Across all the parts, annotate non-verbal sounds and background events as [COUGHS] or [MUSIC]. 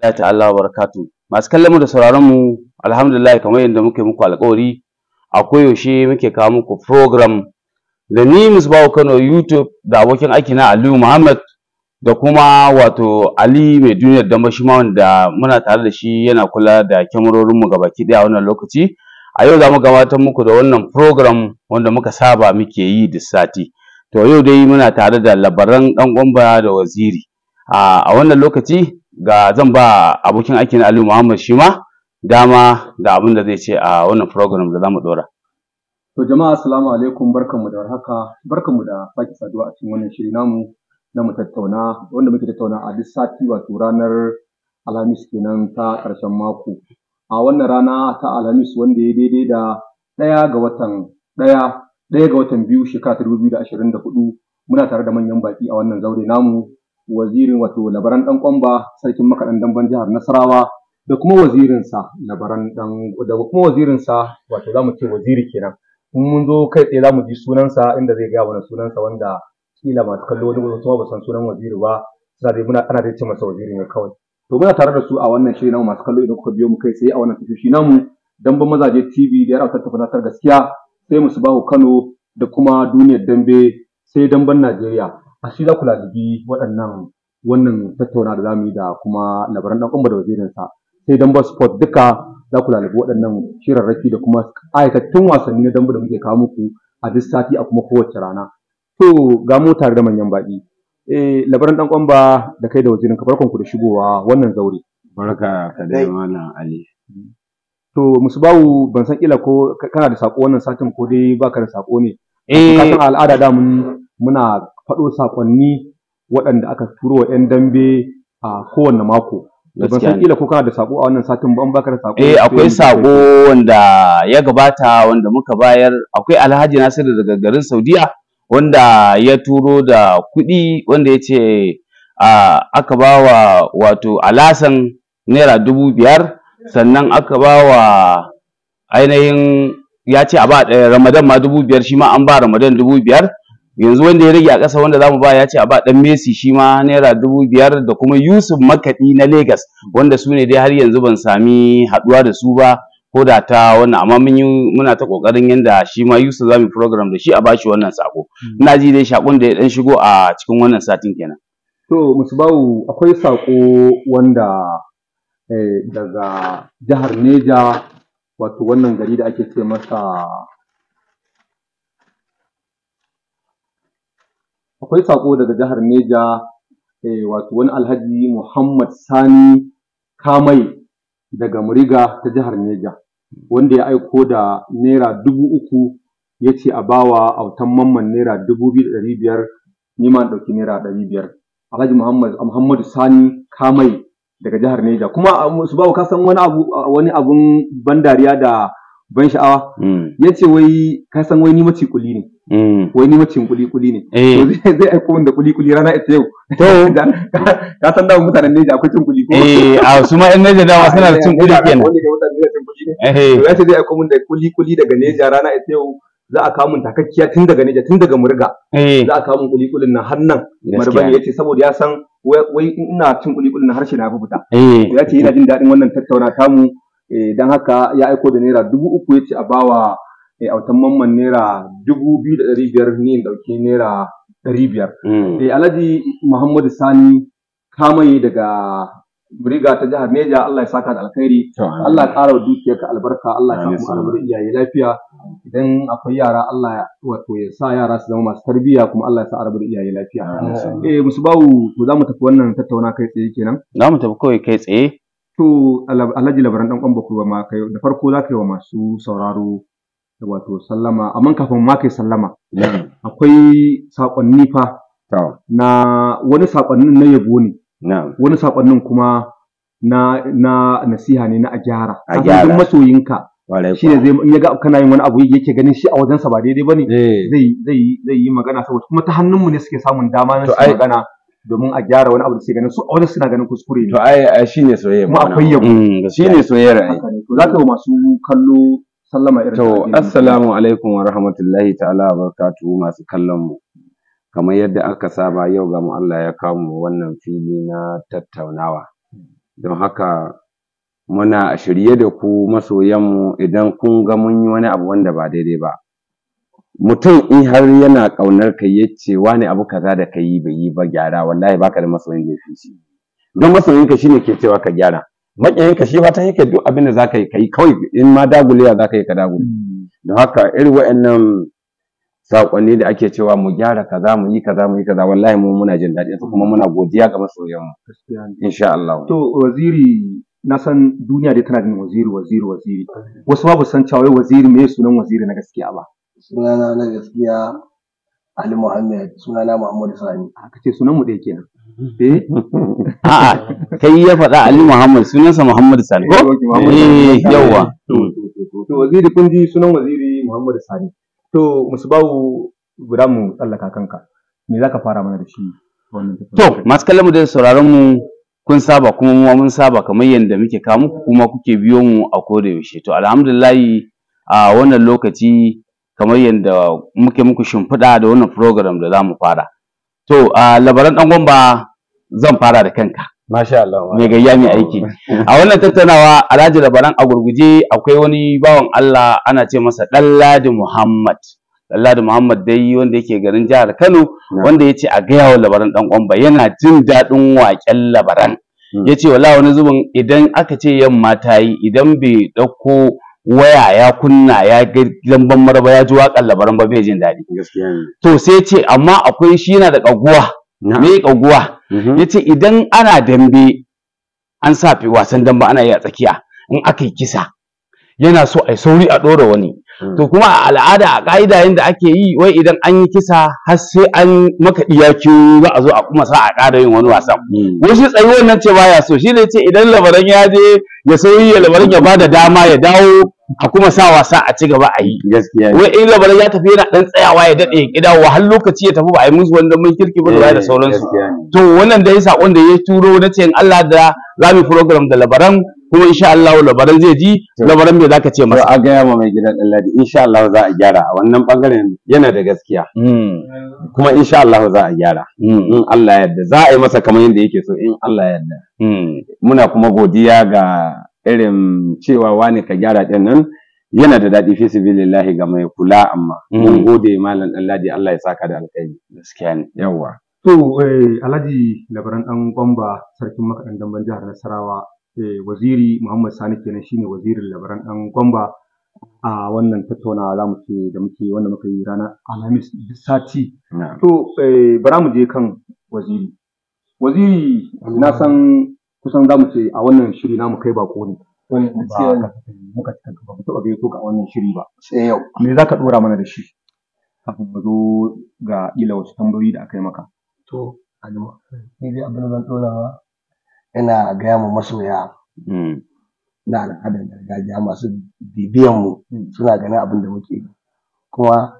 Allah ta Allah barakatu masu kallon mu da sauraron mu alhamdulillah kamar yadda muke muku alƙawari a koyaushe muke kawo muku program da ni Musbahu Kano YouTube da abokin aiki na Aliyu Muhammad da kuma wato Ali mai duniyar da shi ma wanda muna tare da shi yana kula da kyamarorin mu gabaki daya wannan lokaci a yau za mu gabatar muku da wannan program wanda muka saba muke yi da sati to yau dai muna tare da labaran dan gwamba da waziri a wannan lokaci ga zan ba abokin aikin Aliyu Muhammad shi ma dama da abin da zai ce a wannan program da zamu dora. To jama'a assalamu alaikum barkanmu da warhaka barkanmu da sake saduwa a cikin wannan shiri namu na mu tattauna wanda muke tattauna a duk sati wato ranar Alhamis kenan ta karshen mako. A wannan rana ta Alhamis wanda ya daidai da ɗaya ga watan ɗaya ɗaya ga watan biyu shekara ta dubu biyu da ashirin da hudu muna tare da manyan baki a wannan zaure namu wazirin wato labaran dan kwamba sarkin makaɗan damban jihar Nasarawa da kuma wazirinsa labaran dan da kuma wazirinsa wato zamu ce waziri kenan in mun zo kai tsaye zamu ji sunansa inda zai gaya wani sunansa wanda kila masu kallo wani gurin kuma ba san sunan waziri ba suna dai muna ana dai ce masa waziri ne kawai to muna tare da su a wannan shirin namu masu kallo idan kuka biyo mu kai tsaye a wannan tashoshi namu damban mazaje TV da yara ta tafi gaskiya sai mu su bahu Kano da kuma duniyar dambe sai damban Najeriya a shi za ku lalibi waɗannan wannan tattauna da zamu yi da kuma labaran ɗan ƙumba da sa, sai damba sport duka za ku lalibi waɗannan shirarraki da kuma aikatattun wasanni na damba da muke kawo muku a duk sati a kuma kowace rana to ga mu tare da manyan baƙi eh labaran ɗan ƙumba da kai da wazirinka barkanku da shigowa wannan zaure barka ka dai malam ali to musubawu ban san kila ko kana da sako wannan satin ko dai baka da sako ne eh kasan san al'ada da mun muna faɗo saƙonni waɗanda aka turo wa 'yan dambe a kowane mako. ban san Ila ko kana da sako a wannan satin ban baka da sako eh akwai sako wanda ya gabata wanda muka bayar akwai Alhaji Nasiru daga garin Saudiya wanda ya turo da kuɗi wanda ya ce aka ba wa wato alasan naira dubu biyar sannan aka ba wa ainihin ya ce a ba eh, ramadan ma dubu biyar shi ma an ba ramadan dubu biyar yanzu wanda ya rage a ƙasa wanda zamu ba ya ce a ba dan Messi shi ma naira dubu biyar da kuma Yusuf Makaɗi na Lagos wanda su ne dai har yanzu ban sami haɗuwa da su ba ko da ta wannan amma mun muna ta kokarin yanda shi ma Yusuf zamu program da shi a bashi wannan sako hmm. ina ji dai shakon da ya dan shigo a cikin wannan satin kenan to Musbawu akwai sako wanda eh, daga jihar Neja wato wannan gari da ake ce masa akwai sako daga jihar Neja eh, wato wani alhaji Muhammad Sani Kamai daga Muriga ta jihar Neja wanda ya aiko da naira dubu uku ya ce a bawa autan mamman naira dubu biyu da ɗari biyar ni ma ɗauki naira ɗari biyar alhaji Muhammad Muhammadu Sani Kamai daga jihar Neja kuma um, su bawa kasan wani wani abun ban dariya da ban sha'awa mm. ya ce wai ka san wai ni mace kuli ne mm. wai ni mace kuli kuli ne eh. zai aiko wanda kuli kuli rana ita yau [LAUGHS] ka san dawo mutanen Neja akwai cin kuli eh, a su ma ɗan Neja dawa suna da cin kuli [LAUGHS] kenan ne eh. ya ce zai aiko wanda da kuli kuli daga Neja rana ita yau za a kamun takakkiya tun daga Neja tun daga Murga za a kamun kuli kulin na hannan. Marban ya ce saboda ya san wai ina cin kuli kulin harshe na fi fita ya ce yana jin daɗin wannan tattauna tamu Eh, don haka ya aiko da naira dubu uku ya ce a bawa eh, autan mamman naira dubu biyu da ɗari biyar ne in ɗauki naira ɗari biyar. Hmm. Eh, Alhaji Muhammadu Sani kamaye daga Buriga ta jihar Neja Allah ya saka da alkhairi Allah ya ƙara ka albarka Allah ya samu albarka iyaye lafiya idan akwai yara Allah ya wato ya sa yara su zama masu tarbiyya kuma Allah ya sa arabar iyaye lafiya eh musu bawu to za mu tafi wannan tattauna kai tsaye kenan za mu tafi kawai kai tsaye To Alhaji labaran ɗan ƙwan ba ma kai da farko za ka yi wa masu sauraro wato sallama amma kafin ma kai sallama akwai saƙonni fa na wani saƙonnin na yabo ne wani saƙonnin kuma na na nasiha ne na a gyara a gyara masoyinka shi ne zai in yaga kana yin wani abu yake ganin shi a wajensa ba daidai ba ne eh. zai yi magana saboda kuma ta hannunmu ne suke samun dama na su magana domin a gyara wani abu da suke ganin su a wajen suna ganin kuskure to ai shine soyayya mu akwai yabo mm, shine soyayya ai to zaka yi masu kallo sallama irin to assalamu alaikum wa rahmatullahi ta'ala wa barakatuhu masu kallon mu kamar yadda aka saba yau ga mu Allah ya kawo mu wannan fili na tattaunawa don haka muna shirye da ku masoyanmu idan kun ga mun yi wani abu wanda ba daidai ba mutum in har yana ƙaunar ka ya ce wani abu kaza da ka yi bai yi ba gyara wallahi baka da masoyin da fi shi don masoyin ka shine ke cewa ka gyara maƙiyin ka shi fatan yake duk abin da zaka yi kai kawai in ma dagulewa zaka yi ka dagule hmm. don haka irin wa'annan saƙonni da ake cewa mu gyara kaza mu yi kaza mu yi kaza wallahi mu muna jin daɗi kuma muna godiya ga masoyan mu insha Allah to waziri na san duniya dai tana da waziri waziri waziri wasu ba san cewa waziri me sunan waziri na gaskiya ba Sunana na gaskiya Ali Muhammad, sunana Muhammadu Sani. Haka ah, ce sunan mu ɗaya kenan. [LAUGHS] Eh? A'a, kai ya faɗa Ali Muhammad, sunansa Muhammadu Sani. Eh, yawa. To waziri kun ji sunan waziri Muhammadu Sani. To Musubawu guda mu tsallaka kanka. Me za ka fara mana da shi? To, masu kallon mu da sauraron mu kun saba kuma mu mun saba kamar yadda muke kawo muku kuma kuke biyo mu a koda yaushe. To alhamdulillahi a wannan lokaci kamar yadda muke muku shimfiɗa da wannan program da za mu fara to a labaran ɗan gwamba zan fara da kanka Masha Allah. Mai gayya mai aiki. A wannan tattaunawa Alhaji Labaran a gurguje akwai wani bawan Allah ana ce masa Ɗanladi Muhammad. Ɗanladi Muhammad dai wanda yake garin jihar Kano wanda ya ce a gaya wa Labaran ɗan ƙwamba yana jin daɗin waƙen Labaran. Hmm. Ya ce wala wani zubin idan aka ce yamma ta yi idan bai ɗauko waya ya kunna ya ga lamban maraba ya ji waƙar labaran ba bai jin daɗi to sai ce amma akwai shi yana da ƙaguwa me ƙaguwa mhm. ce idan ana dambe an sa fi wasan dambe ana yi a tsakiya in aka yi kisa yana so a sauri a ɗora wani mm. to kuma a al'ada a ƙa'ida yadda ake yi wai idan an yi kisa har sai an maka iyaki za a zo a kuma sa a ƙara yin wani wasan mm. wasu tsayi nan ce baya so shi ne ce idan labaran ya je ya sauyi ya labarin ya bada dama ya dawo a kuma sa wasa a ci gaba a yi gaskiya wai in labarin ya tafi yana dan tsayawa ya dade ya dawo har lokaci ya tafi ba a yi musu wanda mun kirki ba da eh, sauransu to wannan da ya sakon da ya turo na ce Allah da za mu program da labaran kuma insha Allah labaran zai ji labaran me zaka ce masa a ga ma mai gidan Allah insha Allah za a gyara a wannan bangaren yana da gaskiya hmm. kuma insha Allah za a gyara hmm. in Allah ya yarda za a yi masa kamar yadda yake so in Allah yarda Hmm. muna kuma godiya ga irin cewa wani ka gyara ɗin nan yana da daɗi fi sabilillahi ga mai kula amma hmm. mun gode malam Ɗanladi Allah ya saka da alkhairi gaskiya ne yawa to eh, Alhaji labaran ɗan Gwamba sarkin makaɗan damban jihar Nasarawa eh, waziri Muhammad Sani kenan shine wazirin labaran ɗan Gwamba a wannan tattaunawa za mu ce da muke wanda muka yi ranar Alhamis sati to eh, bara mu je kan waziri waziri na san kusan za mu ce a wannan shiri namu kai bako ne ba muka taɓa gaito ga wannan shiri ba sai yau me zaka dora mana da shi kafin mu zo ga ila wasu tambayoyi da aka yi maka to alima ni dai abin da zan dora ina gaya mu masoya hmm. na al'adar gargajiya masu bibiyan mu hmm. suna ganin abin da muke kuma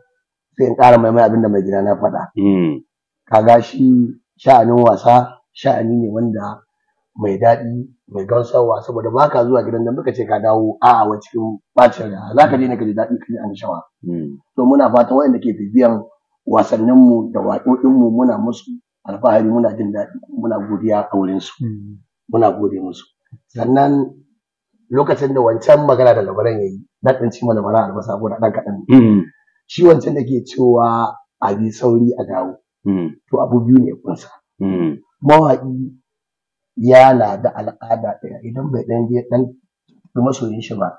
sai in ƙara mai abin da mai gida na faɗa hmm. kaga shi sha'anin wasa sha'ani ne wanda mai daɗi mai gausarwa saboda ba ka zuwa gidan nan baka ce ka dawo a a cikin bacin da za ka je ka ji daɗi ka ji shawa. Hmm. to muna fatan waɗanda ke bibiyan wasanninmu da waƙoƙinmu muna musu alfahari muna jin daɗi muna godiya a wurinsu hmm. muna gode musu sannan lokacin da wancan magana da labaran ya yi na ɗan labaran albasa ko da ɗan kaɗan hmm. shi wancan da ke cewa a bi sauri a dawo Hmm. to abu biyu ne kunsa hmm. mawaƙi na da al'ada ɗaya idan bai ɗan je ɗan masoyin shi ba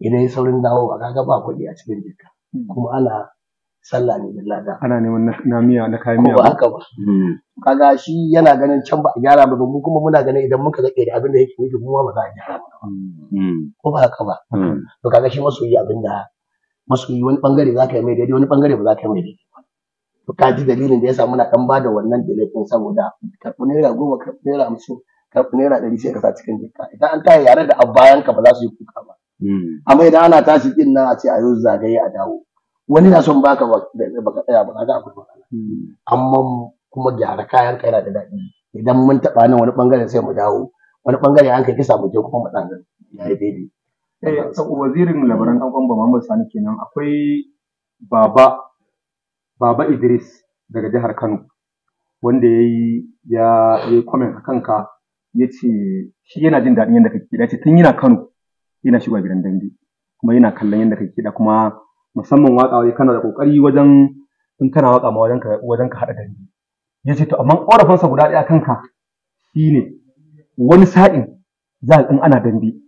idan ya saurin dawo ba kaga ba kuɗi a cikin jika hmm. kuma ana sallah ne da lada ana neman na miya na kayan miya ba haka ba kaga shi yana ganin can ba a gyara ba mu kuma muna ganin idan muka zake da abin da yake nufi kuma ba za a gyara ba ko ba haka ba to kaga shi masoyi abin da masoyi wani bangare za ka yi mai daidai wani bangare ba za ka yi mai daidai ka ji dalilin da ya samu na ɗan wannan da wannan saboda karɓi naira goma karɓi naira hamsin karɓi naira ɗari sai ka sa cikin jikka idan an taya yare da bayan ka ba za su yi kuka ba hmm. amma idan ana tashi kin nan a ce a yau zagaye a dawo wani na son baka baka tsaya ba kaga akwai ba hmm. amma kuma gyara kayan ka yana da daɗi idan mun taɓa nan wani ɓangare sai mu dawo wani ɓangare an kai kisa mu je kuma mu ɗan ya yi daidai. Eh, wazirin labaran ɗan ƙwamba Muhammad Sani kenan akwai baba Baba Idris daga jihar Kano wanda ya yi ya yi comment a kanka ya ce shi yana jin daɗin yadda kake kiɗa ce tun yana Kano yana shigowa gidan dambe kuma yana kallon yadda kake kiɗa kuma musamman waƙa kana da ƙoƙari wajen in kana waƙa ma wajen ka wajen ka haɗa dambe ya ce to amma ƙorafinsa guda ɗaya kanka shine wani sa'in za in ana dambe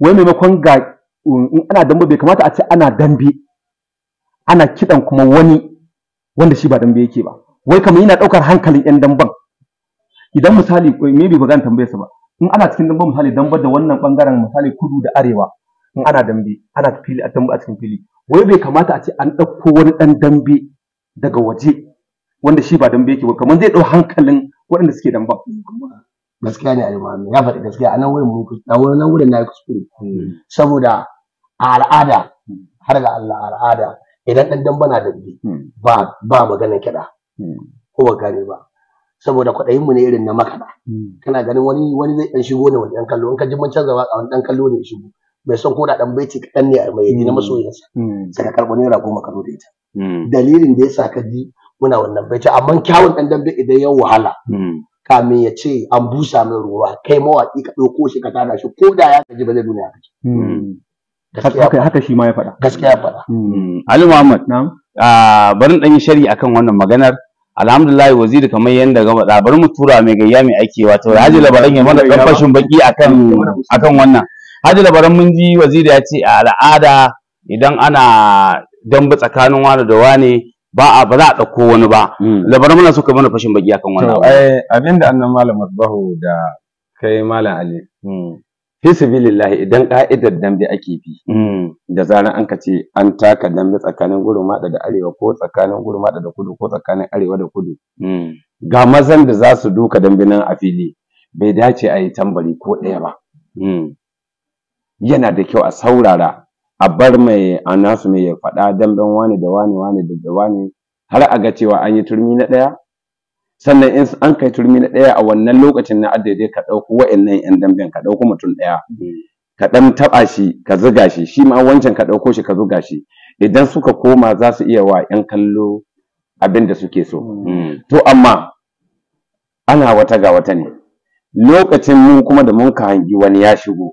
wai maimakon ga in ana dambe bai kamata a ce ana dambe ana kiɗan kuma wani wanda shi ba dambe yake ba wai kamar yana ɗaukar hankalin 'yan damban idan misali maybe ba zan tambaye su ba in ana cikin damban misali dambe da wannan bangaren misali kudu da arewa in ana dambe ana fili a tambu a cikin fili wai bai kamata a ce an ɗauko wani ɗan dambe daga waje wanda shi ba dambe yake ba kamar zai ɗau hankalin waɗanda suke damban gaskiya ne alimami ya faɗi gaskiya a nan wurin mun a wurin nan wurin na yi kuskure hmm. saboda a al'ada har ga Allah al'ada idan ɗan dambe na da hmm. ba ba maganar kiɗa hmm. ko ba gane ba saboda kwaɗayin mu ne irin na makaɗa hmm. kana ganin wani wani zai ɗan shigo ne wani ɗan kallo in ka ji mun canza waƙa wani ɗan kallo ne ya shigo mai son koda ɗan baiti kaɗan ne a mai na masoyinsa sai ka karɓo naira goma ka da ita dalilin da ya sa ka ji muna wannan baiti amma kyawun ɗan dambe idan ya wahala kamin ya ce an busa mai ruwa kai mawaƙi ka ɗauko shi ka tada shi ko da ya gaji ba zai nuna ya gaji haka haka shi ma ya faɗa gaskiya faɗa hmm. Hmm. Ali Muhammad na'am ah, barin ɗan yi shari akan wannan maganar alhamdulillah waziri kamar yanda ga faɗa ah, bari mu tura mai gayya mai aiki wato hmm. Haji Labaran ya mana dan fashin baki akan akan wannan Haji Labaran mun ji waziri ya ce a al'ada idan ana dambe tsakanin wani da wani ba a ba za a ɗauko wani ba labaran muna so ka mana fashin baki akan wannan eh, abinda annan malam Asbahu da kai malam Ali fi sabilillahi idan ka'idar dambe ake bi hmm. da zarar an ce an taka dambe tsakanin gurmada da arewa ko tsakanin gurmada da kudu ko tsakanin arewa da kudu hmm. ga mazan da za su duka dambe nan a fili bai dace a yi tambari ko ɗaya ba hmm. yana da kyau a saurara a bar mai nasu mai ya faɗa damben wani da wani wani da wani har a ga cewa an yi turmi na ɗaya sannan in an kai turmi na ɗaya a wannan lokacin na addaidai ka ɗauko wa'annan yan damben ka ɗauko mutum ɗaya ka ɗan taɓa shi ka zuga shi shi ma wancan ka ɗauko shi ka zuga shi idan suka koma za su iya wa yan kallo abin da suke so mm. to amma ana wata ga wata ne lokacin mu kuma da mun ka hangi wani ya shigo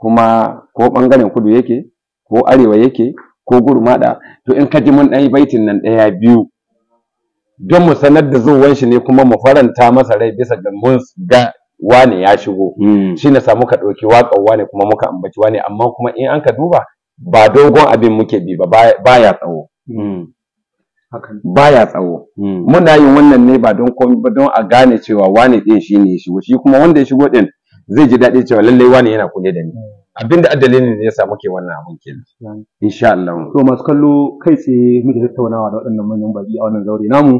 kuma ko bangaren kudu yake ko arewa yake ko gurmada to in ka ji mun ɗan baitin nan ɗaya biyu don mu sanar da zuwan shi ne kuma mu faranta masa rai bisa ga mun ga wane ya shigo hmm. shi na samu ka ɗauki waƙar wane kuma muka ambaci wane amma kuma in an ka duba ba dogon abin muke bi ba baya tsawo hmm. baya tsawo hmm. muna yin wannan ne ba don komi ba don a gane cewa wane ɗin shi ne ya shigo shi kuma wanda ya shigo ɗin zai ji daɗi cewa lallai wane yana kule da ni abinda addalilin ne ya samu ke wannan abun kenan insha Allah to masu kallo kai tsaye muke tattaunawa da waɗannan manyan baki a wannan zaure namu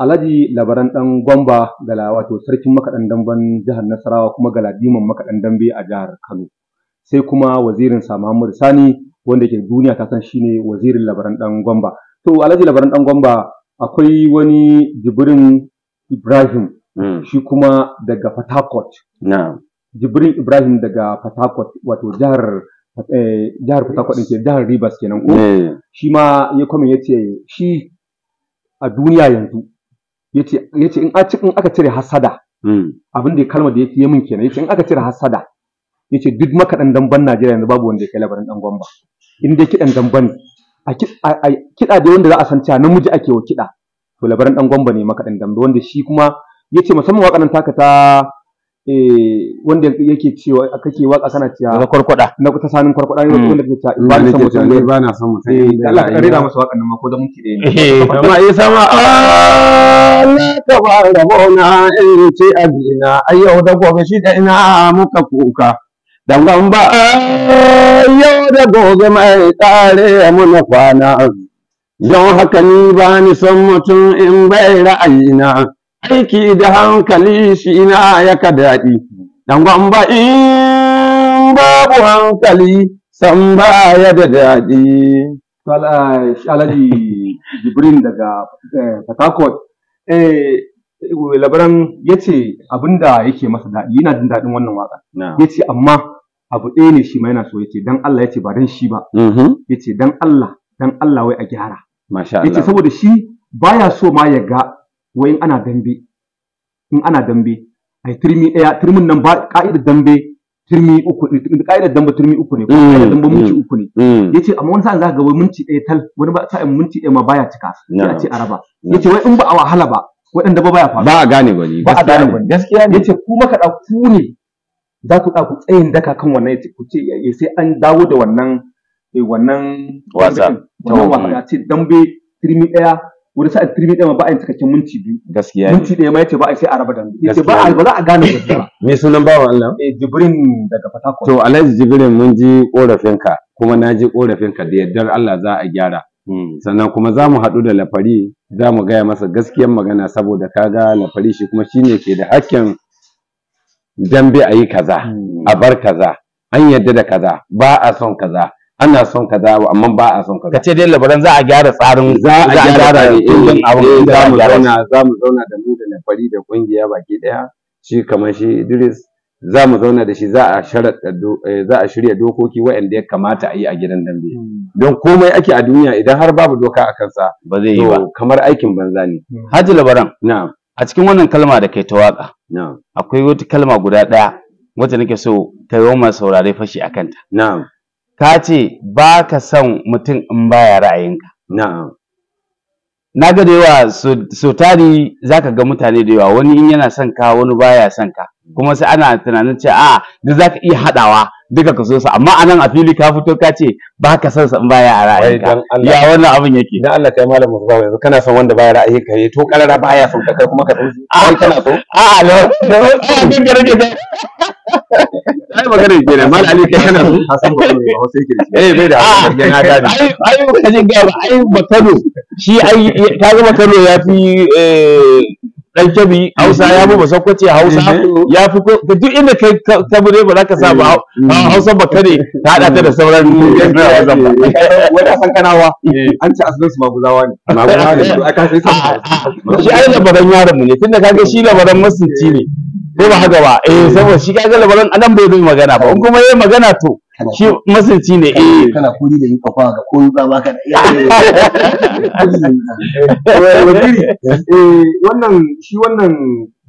Alhaji labaran Ɗan Gwamba gala wato sarkin makaɗan damben jihar Nasarawa kuma galadiman makaɗan dambe a jihar Kano sai kuma wazirin sa Muhammadu Sani wanda ke duniya ta san shine wazirin labaran Ɗan Gwamba to Alhaji labaran Ɗan Gwamba akwai wani Jibrin Ibrahim mm. shi kuma daga Port Harcourt Jibrin Ibrahim daga Fatakwat wato jihar eh, jihar ɗin ke jihar Rivers kenan ko eh. shi ma ya kwamin ya ce shi a duniya yanzu ya ce in aka cire hasada hmm. abin da kalmar da ya yi min kenan ya ce in aka cire hasada ya ce duk makaɗan damban Najeriya yanzu babu wanda ya kai labarin ɗan gwamba in dai kiɗan damban a kiɗa da wanda za a san cewa namiji ake wa kiɗa to labarin ɗan gwamba ne makaɗan damban wanda shi kuma ya ce musamman waƙanan taka ta Eh, wanda yake cewa a kake waka sana cewa na kwarkwada na ta sanin kwarkwada ne wanda ke cewa ibani eh, ni san mutum eh, ne ibani na san mutum ne Allah ka rera masa wakan nan ma ko da mun kide ne amma ai sama Allah ka ba rabona in ce abina ayyau da gobe shi da ina muka kuka dan gan ba ah, yau da gobe mai tare muna kwana don haka ni ba ni san mutum in bai ra'ayina aiki da hankali shi ina ya ka daɗi dan ba in babu hankali san baya da daɗi Alhaji Jibrin daga Fatakot eh, eh, labaran ya ce abinda yake masa daɗi yana jin daɗin wannan waka ya ce amma abu ɗaya ne shi ma yana so ya ce dan Allah ya ce ba dan shi ba mm-hmm. ya ce dan Allah dan Allah wai a gyara ya ce saboda shi baya so ma ya ga wai in ana dambe in ana dambe ai turmi daya turmin nan ba ka'idar dambe turmi uku ne ka'idar dambe turmi uku ne ka'idar mm, dambe minti mm, uku ne mm. yace amma wani sa'in ka ga wai minti daya tal wani ba sa'in minti daya ma baya cika sai a ce araba yace wai in ba a wahala ba waɗanda ba baya faru ba a gane gwani ba a gane gwani gaskiya ne yace ku maka da ku ne za ku da ku tsayin daka kan wannan yace ku ce sai an dawo da wannan eh, wannan wasa wannan wasa ce dambe turmi daya wani sa'a turmi ɗaya ba a yin cikakken minti biyu gaskiya minti ɗaya ma yace ba a sai a raba dambe yace ba a ba za a gane gaskiya me sunan bawa Allah eh jibrin daga fatakwa to alhaji jibrin mun ji korafinka kuma na ji korafinka da yardar Allah za a gyara hmm. sannan kuma za mu haɗu da lafari za mu gaya masa gaskiyar magana saboda kaga lafari shi kuma shine ke da hakkin dambe a yi kaza hmm. a bar kaza an yadda da kaza ba a son kaza ana son ka dawo amma ba a son ka ka ce dai labaran za a gyara tsarin za a gyara eh, abin da eh, mu zauna za mu zauna da mu da nafari da kungiya baki daya shi kamar shi Idris za mu zauna da shi za a eh, za a shirya dokoki waɗanda ya kamata a yi a gidan dambe hmm. don komai ake a duniya idan har babu doka a kansa ba zai yi ba kamar aikin banza ne hmm. Haji labaran na'am a cikin wannan kalma da kai ta waka na'am akwai wata kalma guda daya wacce nake so ta yi wa saurare fashi akanta kanta na'am ka ce ba ka son mutum in baya ra'ayinka na'am na ga da yawa so tari za ka ga mutane da yawa wani in yana son ka wani baya son ka kuma sai ana tunanin cewa a duk za ka iya haɗawa duka ka so sa amma anan a fili ka fito ka ce ba ka san san baya a ra'ayinka ya wannan abin yake dan Allah kai malam Mustafa yanzu kana son wanda baya ra'ayinka ka eh to karara baya son ka kai kuma ka dauki ai kana so a a no no abin da rage ai magana ke ne mal ali kai kana so hasan ba sai ke eh bai da ah, yana gadi ai ai ka jin ga ai batano shi ai ta ga Kano ya fi eh dan hausa ya fi masakwaci hausa ya fi ko. ka duk inda kai ta bude ba za ka sa ba hausa ba kare ta hada ta da sauran wata sankanawa an ci asalin su maguzawa ne maguzawa ne aka sa shi ai labaran yaran mu ne tunda kaga shi labaran masunci ne ko ba haka ba eh saboda shi ga labaran anan bai yi magana ba in kuma yayi magana to shi masanci ne eh kana kuri da yuka fa ga koyi ba baka da waziri eh wannan shi wannan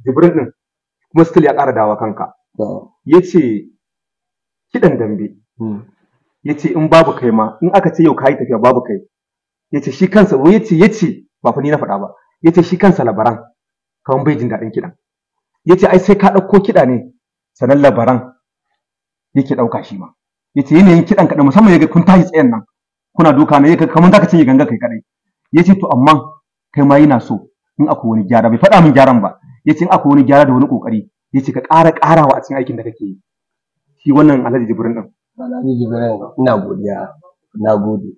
jibrin din kuma still ya ƙara dawa kanka yace kidan dambe hmm. yace in babu kai ma in aka ce yau kai tafiya babu kai yace shi kansa wai yace yace ba fa ni na faɗa ba yace shi kansa labaran kawan bai jin daɗin kidan yace ai sai ka ɗauko kiɗa ne sanan labaran yake ɗauka shi ma yace yanayin kidan kaɗan musamman yaga kun tashi tsayen nan kuna duka ne yaga kamar zaka cinye ganga kai kadai yace to amma kai ma yana so in akwai wani gyara bai faɗa min gyaran ba yace in akwai wani gyara da wani kokari yace ka ƙara ƙarawa a cikin aikin da kake yi shi wannan Alhaji Jibrin din Alhaji Jibrin ina godiya na gode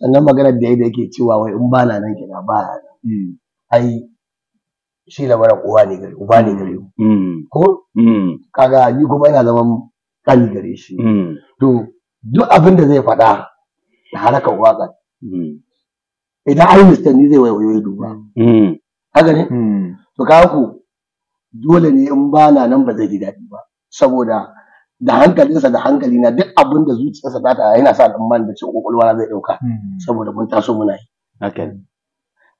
sannan maganar da yadda yake cewa wai in ba na nan kina ba mm. ai shi da uwa ne gari uba ne gari mm. ko mm. kaga ni kuma ina zaman ɗani gare shi hmm. to duk abin da zai faɗa da harakar waƙa hmm. idan ai mista ni zai waiwaye duba hmm. haka ne to ka ku dole ne in ba na nan ba zai ji daɗi ba saboda da hankalinsa da na duk abin da zuciyarsa za ta yana sa man da cin kokolwa zai ɗauka saboda mun taso muna yi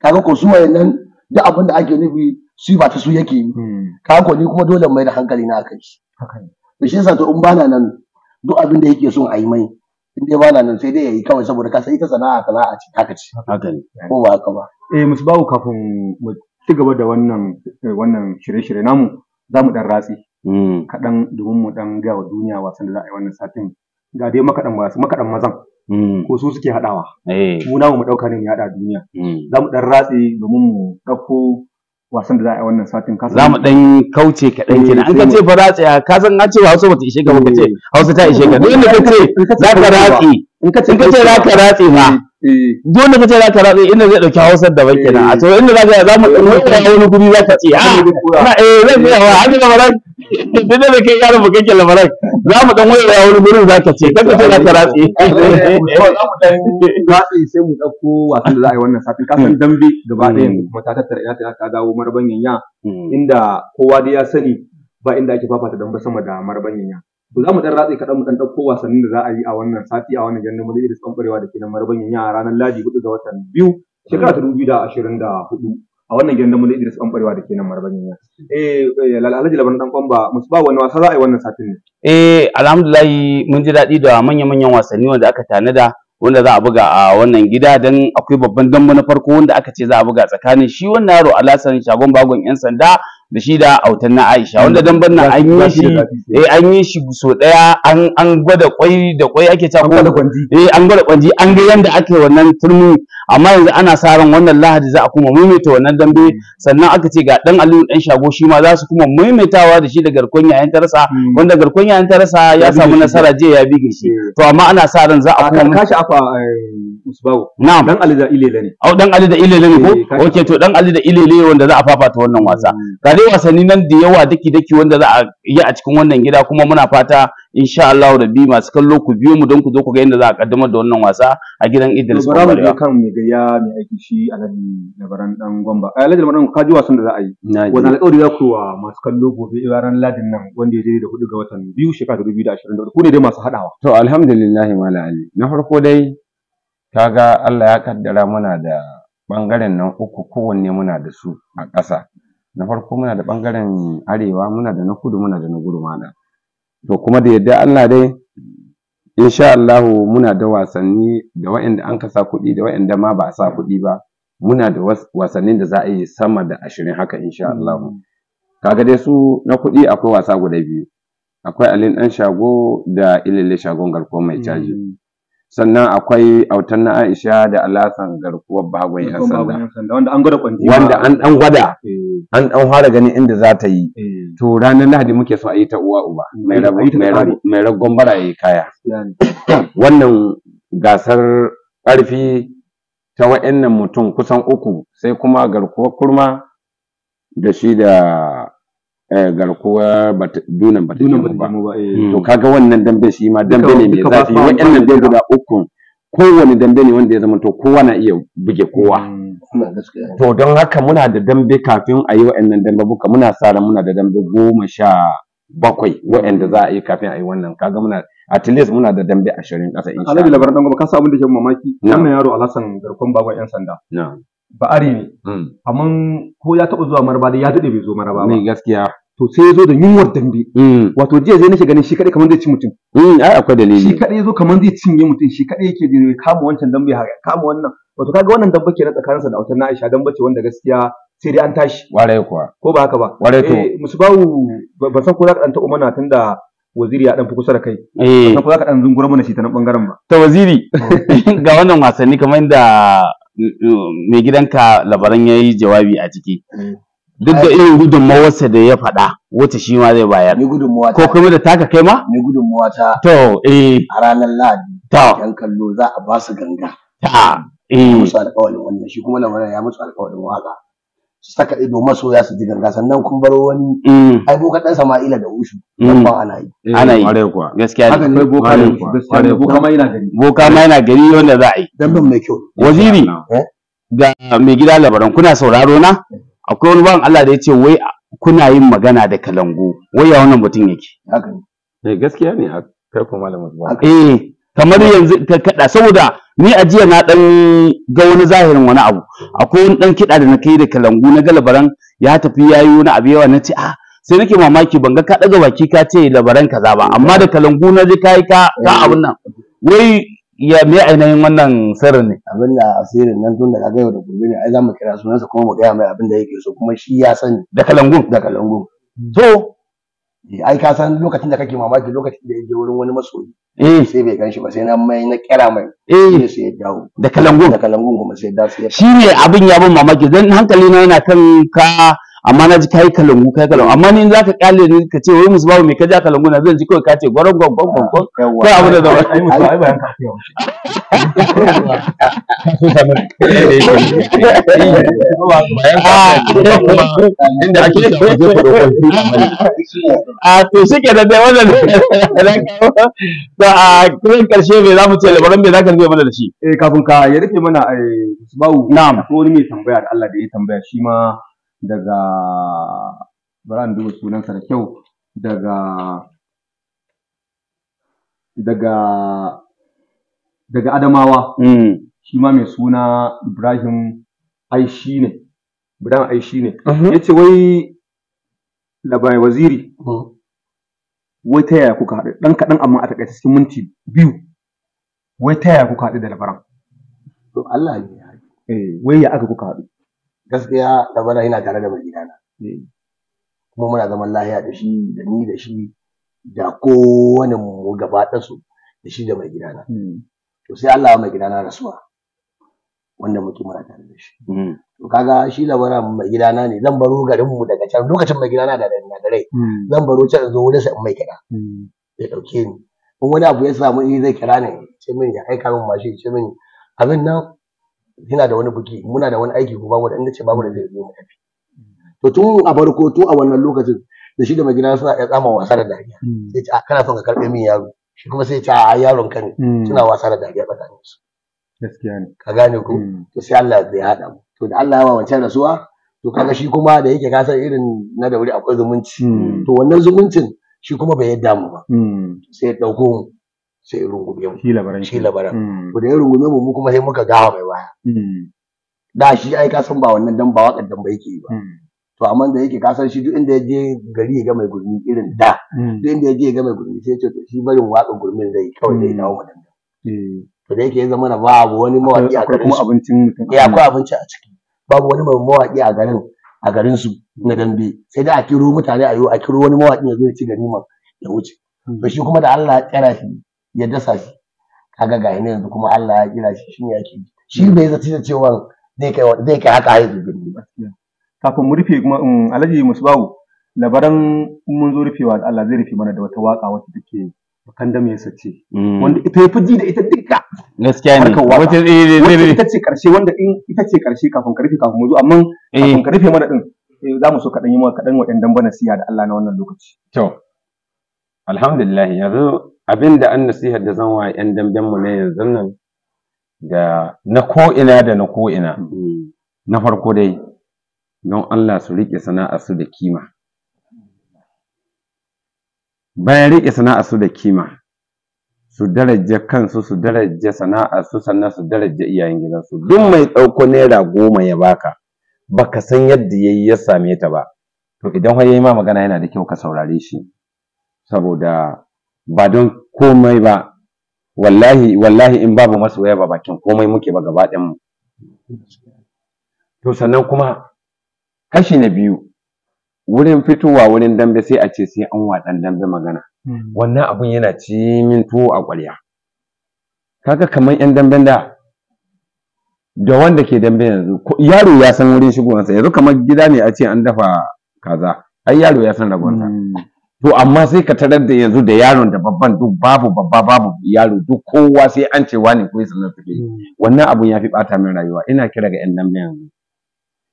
kaga ko su nan duk abin da ake nufi su ba ta su yake yi kaga ko ni kuma dole mai da hankali na akai shi da shi yasa to in bana nan duk abin da yake son a yi mai in dai bana nan sai dai ya yi kawai saboda ka sai ita sana'a sana'a ce haka ce haka ne ko ba haka ba eh babu kafin mu ci gaba da wannan eh, wannan shirye-shirye namu za mu dan ratsi hmm. kaɗan domin mu dan ga wa duniya wasan da za a yi wannan satin ga dai makaɗan makaɗan mazan hmm. ko su suke haɗawa eh. mu namu mu ɗauka ne mu haɗa duniya hmm. za mu dan ratsi domin mu ɗauko wasan da za a yi wannan satin kasa za mu dan kauce kaɗan kenan an ka eh, ce a tsaya, ka san an ce hausa bata ishe ka ba ce eh. hausa ta ishe ka duk inda ka ce za ka ratse in ka ce za ka ratse ma eh, duk inda ka ce za ka ratse inda zai ɗauki hausar da kenan a to inda za ka za mu ɗan wani guri za ka ce ah, a ah, eh zai fi yawa an ji ba duk da kai yaro mu kake labaran za mu dan wayar wani gurin za ta ce kada ce za ta ratse yi sai mu dauko wasan da za a yi wannan satin kasan dambe gaba ɗaya kuma ta tattara ina ta dawo marbanyan ya hmm. inda kowa da ya sani ba inda ake fafata ba sama da marbanyan ya to za mu dan ratsi kaɗan mu dan ɗauko wasannin da za a yi a wannan sati a wannan jannan mulki da tsambarewa da ke nan marbanyan ya ranar ladi 4 ga watan biyu shekara ta biyu da da ashirin hudu. a wannan gidan dambe Idris Bambarewa da ke nan Marbanin ya. Eh, eh Alhaji Laban dan Kwamba musu ba wani wasa za a yi wannan satin ne. Eh alhamdulillah mun ji daɗi da manya-manyan wasanni wanda aka tanada wanda za a buga a wannan gida dan akwai babban dambe na farko wanda aka ce za a buga tsakanin shi wannan yaro lasan Shagon Bagon yan sanda da shi da autan na Aisha wanda damben nan an yi shi eh an yi shi so daya an an gwada kwai da kwai ake ta eh an gwada kwanji an ga yanda ake wannan turmi amma yanzu ana sa ran wannan lahadi za a kuma maimaita wannan dambe hmm. sannan aka ce ga dan aliyu dan shago shi ma za su kuma maimaitawa da shi da garkon yayan tarasa hmm. wanda garkon yayan tarasa ya samu nasara jiya ya bige shi hmm. to amma ana sa ran za a kuma kashi afa musbawo eh, na'am dan ali da ilele ne au dan ali da ilele ne ko eh, okay to dan ali da ilele wanda za a fafata wannan wasa ga dai wasanni nan da yawa daki daki wanda za a yi a cikin wannan gida kuma muna fata insha Allah rabbi masu kallo ku biyo mu don ku zo ku ga yadda za a kaddamar da wannan wasa a gidan Idris Kwambarewa. Bara mu kan mai gayya mai aiki shi Alhaji Labaran dan Ai eh, Alhaji Labaran ka ji wasan da za a yi. Wannan alƙawari za ku wa masu kallo gobe ranar Ladin nan wanda ya je da hudu ga watan biyu shekara dubu biyu da ashirin da Ku ne dai masu haɗawa. To alhamdulillah Malam Ali. Na farko dai kaga Allah ya kaddara muna da ɓangaren nan uku kowanne muna da su a ƙasa. Na farko muna da ɓangaren arewa muna da na kudu muna da na gudu mana. to kuma da yadda Allah dai insha Allahu muna da wasanni da wa'anda an kasa kuɗi da wa'anda ma ba a sa kuɗi ba muna da wasannin da za a yi sama da ashirin haka insha Allahu kaga dai su na kuɗi akwai wasa guda biyu akwai alin ɗan shago da ilele shagon garkuwar mai caji sannan akwai autan na Aisha da alasan garkuwar bagon yan wanda an gwada dan gwada eh. an dan fara ganin inda za ta yi eh. to ranar Lahadi muke so a yi ta uwa uba mai ragon bara ragon baraye kaya [COUGHS] wannan gasar ƙarfi ta wa'annan mutum kusan uku sai kuma garkuwar kurma da shi da Eh, garkuwa dunan ba ba eh. to kaga wannan dambe shi ma dambe ne mai zafi nan dai guda uku kowane dambe ne wanda ya zama to kowa na iya buge kowa hmm. to don haka muna da dambe kafin a yi wa'annan dambe buka muna sa muna da dambe goma sha bakwai wa'anda za a yi kafin a yi wannan kaga muna at least muna da dambe ashirin ƙasa insha Allah. Alhaji labaran dan gaba ka sa abin da ke mamaki wannan yaro Alhassan garkon baban yan sanda. ba'ari ne hmm. amma ko ya taɓa zuwa maraba da ya daɗe bai zo maraba ba gaskiya to sai ya zo da yunwar dambe hmm. wato jiya zai nake ganin shi kaɗai kamar zai ci mutum hmm, ai akwai dalili shi kaɗai ya zo kamar zai cinye mutum shi kaɗai yake zai kama wancan dambe ya kama wannan wato kaga wannan dambe tsakanin tsakaninsa da wata na'isha dambe ce wanda gaskiya sai dai an tashi warai kuwa ko ba haka ba warai to eh, musubawu ba san ko za ka taɓa mana tunda waziri ya dan fi kusa da kai eh. san ko za ka dan zungura mana shi ta nan bangaren ba ta waziri [LAUGHS] ga wannan wasanni kamar da mai gidanka labaran ya yi jawabi a ciki eh. duk da irin gudunmawarsa da ya faɗa wacce shi ma zai bayar ko kuma da taka kai ma ni gudunmawa ta to eh a ranar lahadi to yan kallo za a ba su ganga ta eh musu alƙawarin wannan shi kuma lamarin ya musu alƙawarin waka saka ido masoya su ji ganga sannan kun bar wani mm. ai boka dan sama'ila da ushu mm. dan ba ana yi eh, ana yi gaskiya ne akwai boka ne gaskiya boka ma yana gari boka ma yana gari wanda za a yi dan ban mai kyau waziri ga mai gida labaran kuna sauraro na akwai wani ban Allah da ya ce wai kuna yin magana da kalangu wai ya wannan mutum yake haka ne eh, gaskiya ne kai ko malamin eh kamar yanzu ka kada saboda ni a jiya na dan ga wani zahirin wani abu akwai wani dan kiɗa da na kai da kalangu na galabaran ya tafi yayi wani abu yawa na ce ah sai nake mamaki ban ga ka daga baki ka ce labaran kaza ba amma da kalangu na ji kai ka ka abun nan wai ya me ainihin wannan sirrin ne abin da asirin nan tun da kaga yau da gobe ne ai zamu kira sunansa kuma mu gaya mai abin da yake so kuma shi ya sani da kalangun da kalangun to Eh, ai ka san lokacin da kake mamaki lokacin da ya je wurin wani masoyi eh sai bai ganshi ba sai na mai na kira mai eh sai ya dawo da kalangun da kalangun kuma sai da sai shine abin ya bin mamaki dan hankali na yana kan ka amma na ji kai kalangu kai kalangu amma ni za ka kyale ni ka ce wai musu me ka ja kalangu na zan ji kai ka ce gwaron gwan gwan gwan gwan kai abu da zama ai musu ai bayan ka ake a [LAUGHS] ah, to shi ke da dai wannan da [LAUGHS] a kuren karshe me za mu ce labaran me za ka nuna mana da shi eh kafin ka ya rufe mana eh, musu babu na'am to wani mai tambaya da Allah da ya tambaya shi ma daga bari duba sunansa da kyau daga daga daga Adamawa mm. shi ma mai suna Ibrahim Aishi ne Ibrahim Aishi ne uh-huh. yace wai labarai waziri uh-huh. wai ta yaya kuka haɗu ɗan kaɗan amma a takaice cikin minti biyu wai ta yaya kuka haɗu da labaran to Allah ya eh, wai ya aka kuka haɗu gaskiya da bana yana tare da mai gidana kuma eh. muna zaman lahiya da shi da ni da shi da kowane mu gaba su da shi da mai gidana hmm. to sai Allah mai gidana rasuwa wanda muke muna tare da shi hmm. to kaga shi labara mai gidana ne zan baro garin mu daga can lokacin mai gidana da na da rai hmm. zan baro can zo wurin sa in mai kira ya dauke ni in wani abu ya samu ni eh, zai kira ni ce min ya kai kamin mashi ce min abin nan yana da wani buki muna da wani aiki kuma wanda da inda ce babu da zai zo mu tafi to tun a farko tun a wannan lokacin da shi da mai gida suna ya tsama wasa da dariya hmm. sai ce ah, kana son ka karbe min yaro shi kuma sai ce a ah, yaron ka hmm. suna wasa da dariya tsakanin su gaskiya ne ka gane ko hmm. to sai Allah zai hada mu to da Allah ya ba wancan rasuwa to kaga shi kuma da yake ka san irin na da wuri akwai zumunci to wannan zumuncin shi kuma bai yadda mu ba sai ya dauko mu sai rungume mu shi labaran shi labaran ku hmm. da ya rungume mu mu kuma sai muka gawa mai waya hmm. da shi ai ka san ba wannan dan ba wakan dan ba yake ba hmm. to amma da yake ka san shi duk inda ya je gari ya ga mai gurmi irin da duk inda ya je ya ga mai gurmi sai ce to shi barin waka gurmin zai kawai zai dawo mu dan eh. to da yake ya zama na babu wani mawaki a garin kuma abincin mutum ya eh, akwai abinci a ciki babu wani mawaki a garin a garin su na dambe sai da a kiro mutane a yi a kiro wani mawaƙi ya zo ya ci ma ya wuce to shi kuma da Allah ya tsara shi ya dasa shi kaga ga ina yanzu kuma Allah ya kira shi ne yake shi bai zaci da cewa zai kai zai kai haka haihu gani ba kafin mu rufe kuma um, Alhaji Musbahu labaran mun zo rufewa Allah zai rufe mana da wata waka wacce take kanda mai sace mm. wanda ita ya ji da ita duka gaskiya ne wata eh, ita ce karshe wanda in ita ce karshe kafin ka rufe kafin mu zo amma eh. kafin ka rufe mana din eh, za mu so kaɗan yi maka kaɗan waɗannan bana siya da Allah na wannan lokaci to alhamdulillah yanzu Abin da an nasihar da zan wa yan damben mu na yanzu nan da na ko ina da na ko ina mm. na farko dai don Allah su rike sana'a su da kima bayan rike sana'a su da kima su daraja kansu su daraja sana'a, sannan su daraja iyayen gidansu duk mai ɗauko naira goma ya baka baka san yadda yayi ya same ta ba to idan har yayi ma magana yana da kyau ka saurare shi saboda ba don komai ba wallahi wallahi in babu masoya ba bakin komai muke ba gaba ɗayan mu to sannan kuma kashi na biyu wurin fitowa wurin dambe sai a ce sai an waɗan dambe magana hmm. wannan abun yana ci min tuwo a ƙwarya Kaka kamar yan damben da da wanda ke dambe yanzu yaro ya san wurin shigowansa yanzu kamar gida ne a ce an dafa kaza ai yaro ya san ragonsa hmm. to amma sai ka tarar da yanzu da yaron da babban duk babu babba babu yaro duk kowa sai an ce wani ko sannan suke hmm. wannan abun ya fi bata min rayuwa ina kira ga yan dambe yanzu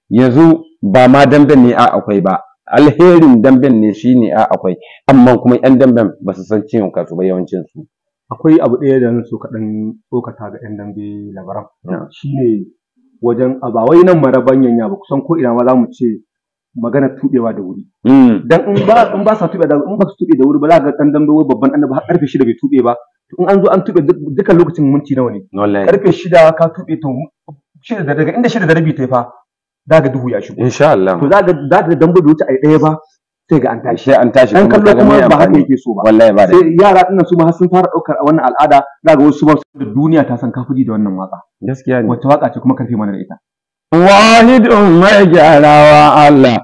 yanzu ba ma damben ne a akwai ba alherin damben ne shine a akwai amma kuma yan damben ba su san ciwon kansu ba yawancin su akwai abu ɗaya da so kaɗan tsokata ga yan dambe labaran shine wajen a ba wai nan marabanyan ya ba kusan ko ina ma za mu ce magana tubewa da wuri hmm. dan in ba in ba sa tube da in ba su tube da wuri ba za ga dan dambe babban annabi har karfe shida bai tube ba in an zo an tube duka lokacin minti nawa ne karfe shida ka tube to shida da daga inda shida da rabi ta fa za ga duhu ya shigo insha Allah to za ga za ga dambe bai wuce ai ɗaya ba sai ga an tashi an tashi Ɗan kallo kuma ba haka yake so ba wallahi ba sai yara din su ma har sun fara daukar wannan al'ada za ga wasu ba da duniya ta san kafuji da wannan waka gaskiya ne wata waka ce kuma karfe mana da ita wahidun mai gyarawa Allah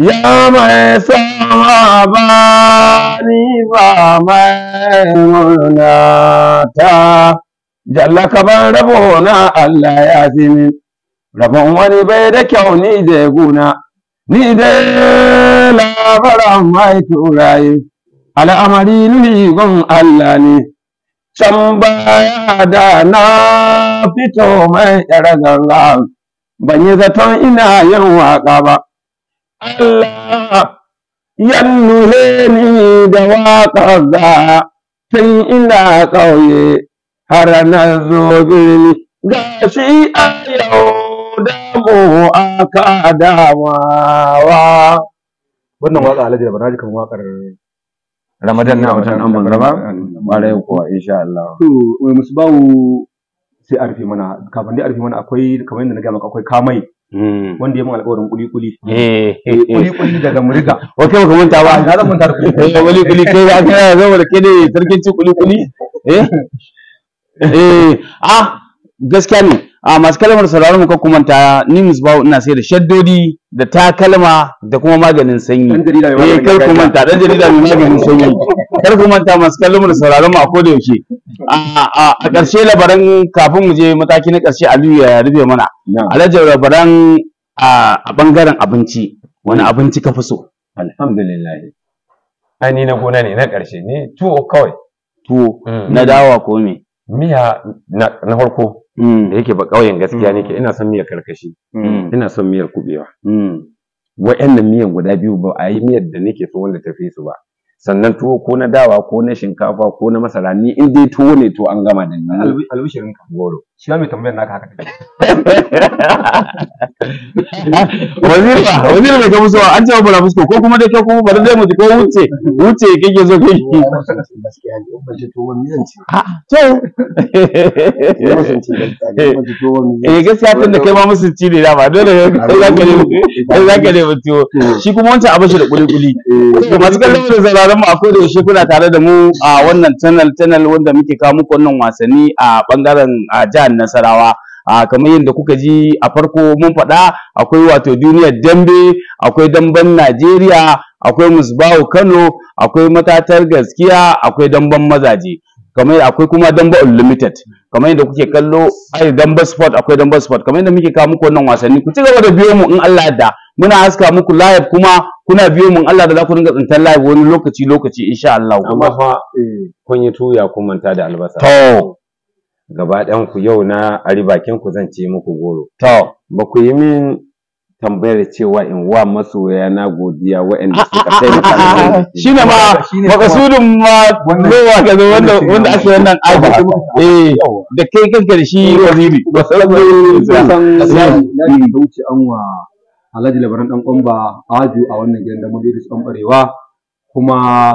ya mai sama ba ni ba mai murna ta jalla kaban ban rabo na Allah ya fi min rabon wani bai da kyau ni da guna ni dai labaran mai turaye al'amari ni gon Allah ne can baya da na fito mai yar ganga ban yi zaton ina yin waka ba Allah yan nuhe ni da waƙar da tun ina ƙauye har na zo birni ga shi a yau damu mu aka damawa wannan waƙa alhaji da bana jikan waƙar Ramadan na watan Ramadan bare kuwa insha Allah to mai bawo sai a rufe mana kafin dai a rufe mana akwai kamar yadda na gaya maka akwai kamai hmm. wanda ya mun alƙawarin kuli kuli kuli kuli daga muriga wato ka mun ba na zan mun tar kuli eh, kuli kuli kai ga kana zo da kai ne sarkin ci kuli kuli eh [LAUGHS] eh ah gaskiya ne a ah, masu kalmar sauraron mu kuma kumanta ni musbahu ina sai da shaddodi da takalma da kuma maganin sanyi eh kar ku manta dan jarida mai maganin sanyi kar ku manta masu kallon mu da sauraron mu a koda yaushe a ƙarshe labaran kafin mu je mataki na ƙarshe Aliyu ya rufe mana alhaji labaran a bangaren abinci wani abinci ka fi so alhamdulillah ai ni na gona ne na ƙarshe ne tuwo kawai tuwo mm. na dawa ko me miya na farko Mm. da yake ba ƙauyen gaskiya mm. ne ke, ina son miyar karkashi mm. ina son miyar kuɓewa wa'annan miyan guda biyu ba a yi miyar da nake so wanda ta fi su ba sannan tuwo ko na dawa ko na shinkafa ko na masara ni in dai tuwo ne to an gama da ni albishirin ka goro shi mai tambayar naka haka take [LAUGHS] wazir ba wazir bai ga musu an ce bala fusko ko kuma dai ko kuma bala zai mutu ko wuce wuce kake zo kai gaskiya ne ban ji tuwo ni zan ci to eh gaskiya tun da kai ma musu ci ne ba dole ne, ne ka ne mutu eh. shi kuma wancan abin da kuli kuli eh. masu kallon da zai sauraron mu a koda yaushe kuna tare da mu a wannan channel channel wanda muke kawo muku wannan wasanni a bangaren a jihar Nasarawa a kamar yadda kuka ji a farko mun faɗa akwai wato duniyar dambe akwai damben Najeriya akwai musbahu Kano akwai matatar gaskiya akwai damben mazaje kamar akwai kuma damben unlimited kamar yadda kuke kallo ai dambar sport akwai dambar sport kamar yadda muke kawo muku wannan wasanni ku ci gaba da biyo mu in Allah da muna haska muku live kuma kuna biyo mu in Allah da za ku dinga tsintar live wani lokaci lokaci insha Allah amma fa kun yi tuya kun manta da albasa to gaba ɗayan ku yau na ari bakin ku zan ce muku goro to ba ku yi min tambayar cewa in wa masoya na godiya waɗanda ah, suka ah, ah, taimaka shi ne ma makasudin ma zuwa ga wanda wanda ake nan aiki eh da kai kanka da shi waziri san na da wuce an wa Alhaji Labaran dan Kwamba Aju a wannan gidan da Mabiris Kwambarewa kuma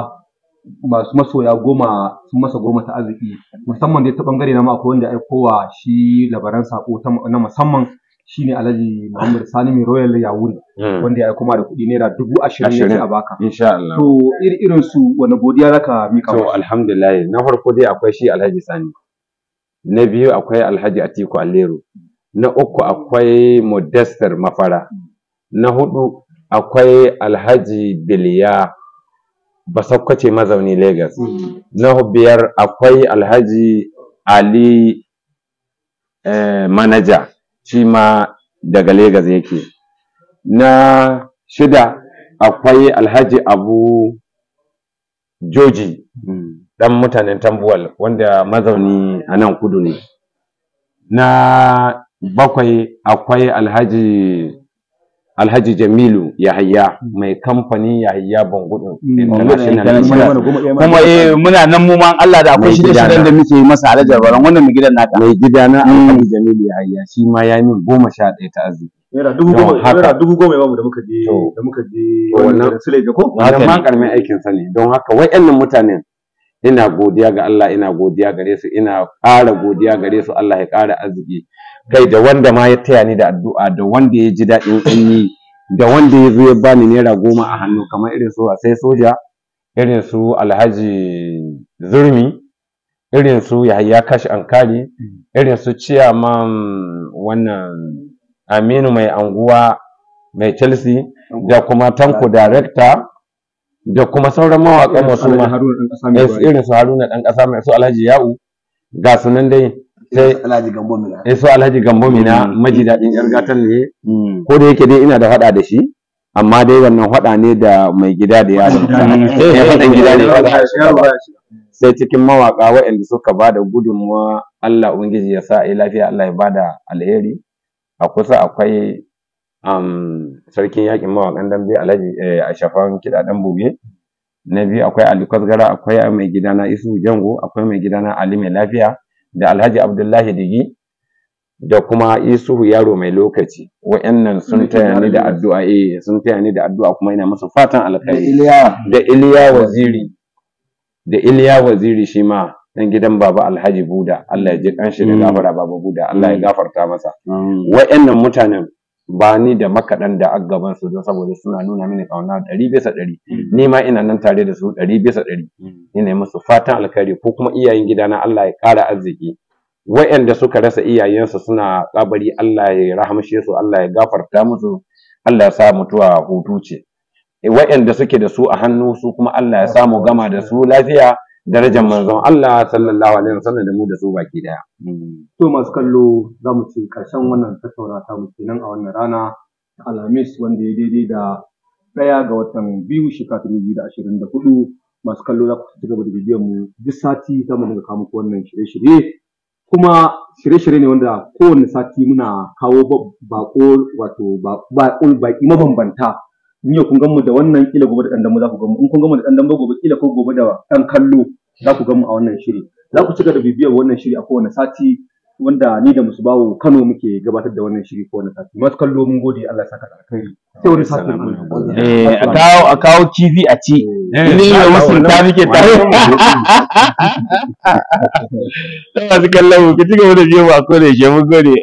masu masoya goma sun masa goma ta arziki musamman dai ta bangare na ma akwai wanda aikowa shi labaran sako na musamman shine Alhaji Muhammad Sani mai Royal Yawuri hmm. wanda ya kuma da kuɗi naira dubu ashirin ya a baka. Insha Allah. To irin su wani godiya za ka mika To alhamdulillah na farko dai akwai shi Alhaji Sani. Na biyu akwai Alhaji Atiku Allero. Na uku akwai Modestar Mafara. Na hudu akwai Alhaji Biliya Basakwace mazauni Lagos. Hmm. Na biyar akwai Alhaji Ali eh, manaja. shi daga Legas yake. Na shida akwai Alhaji Abu Joji ɗan mutanen Tambuwal wanda mazauni a nan kudu ne. Na bakwai akwai Alhaji Alhaji Jamilu Yahaya mai kamfanin Yahaya Bangudin mm. kuma eh, eh muna nan mu ma Allah da akwai shirye shiryen da muke masa Alhaji Baran wannan mu gidan naka mai gidana mm. Alhaji Jamilu Yahaya shi ma ya min goma sha ɗaya ta arziki naira dubu goma naira dubu goma ya bamu da muka je da muka je wannan sule ga ko wannan ma karamin aikin sa ne don haka wayannan mutanen ina godiya ga Allah ina godiya gare su ina ƙara godiya gare su Allah ya ƙara arziki kai da wanda ma ya taya ni da addu'a da wanda ya ji daɗin in yi da wanda ya zo ya ba ni naira goma a hannu kamar irin su sai soja irin su alhaji zurmi irin su yahaya kashi ankali irin su ciyaman wannan aminu mai anguwa mai chelsea da kuma tanko director da kuma sauran mawaƙan masu ma irin su haruna ɗan ƙasa mai su alhaji ya'u ga sunan dai Eh, sai alhaji gambo mina eh so alhaji gambo mm. maji dadin yar gatan ne mm. ko da yake dai ina da hada da shi amma dai wannan hada ne da mai gida da ya [LAUGHS] [LAUGHS] eh, fadan sai cikin mawaka waɗanda suka ba da gudunmuwa Allah ubangiji ya sa ai lafiya Allah ya bada alheri a kusa akwai um, sarkin yakin mawakan dambe alhaji eh, a shafan kiɗa dan buge na biyu akwai Ali Kwasgara akwai mai gidana Isu Jango akwai mai gidana Ali mai lafiya da Alhaji Abdullahi Digi da kuma Isuhu yaro mai lokaci wa'annan sun taya ni da addu'a eh sun taya da addu'a kuma ina musu fatan alkhairi da Iliya Waziri da Iliya Waziri shi ma dan gidan baba Alhaji Buda Allah ya ji kanshi da mm. gafara baba Buda Allah ya mm. gafarta masa wa'annan mutanen ba ni da makaɗan da aka gaban su don saboda suna nuna mini kauna ɗari bisa ɗari mm. ni ma ina nan tare da su ɗari bisa ɗari mm. ina musu fatan alkhairi ko kuma iyayen gidana Allah ya ƙara arziki wa'anda suka rasa iyayensu suna kabari Allah ya rahamshe su Allah ya gafarta musu Allah ya sa mutuwa hutu ce wa'anda suke da su a hannu su kuma Allah ya samu gama da su lafiya darajar manzon Allah sallallahu alaihi wasallam da mu da su baki daya. To masu kallo za mu ci karshen wannan tattauna ta mu kenan a wannan rana ta Alhamis wanda ya daidai da ɗaya ga watan biyu shekara biyu da ashirin da hudu masu kallo za ku ci gaba da bibiyan mu duk sati za mu dinga kawo wannan shirye-shirye kuma shirye-shirye ne wanda kowane sati muna kawo bako wato baki mabambanta in yau kun gan mu da wannan kila gobe da dan dambe za ku gan mu in kun gan mu da dan dambe gobe kila ko gobe da dan kallo za ku gan mu a wannan shiri za ku cika da bibiyar wannan shiri a kowane sati wanda ni da musu bawo Kano muke gabatar da wannan shiri kowane sati masu kallo mun gode Allah ya saka da alkhairi sai wani sati eh a kawo a kawo kifi a ci eh, ni ne musu ta muke ta masu kallon mu ku ci gaba da ba ko a kowane mun gode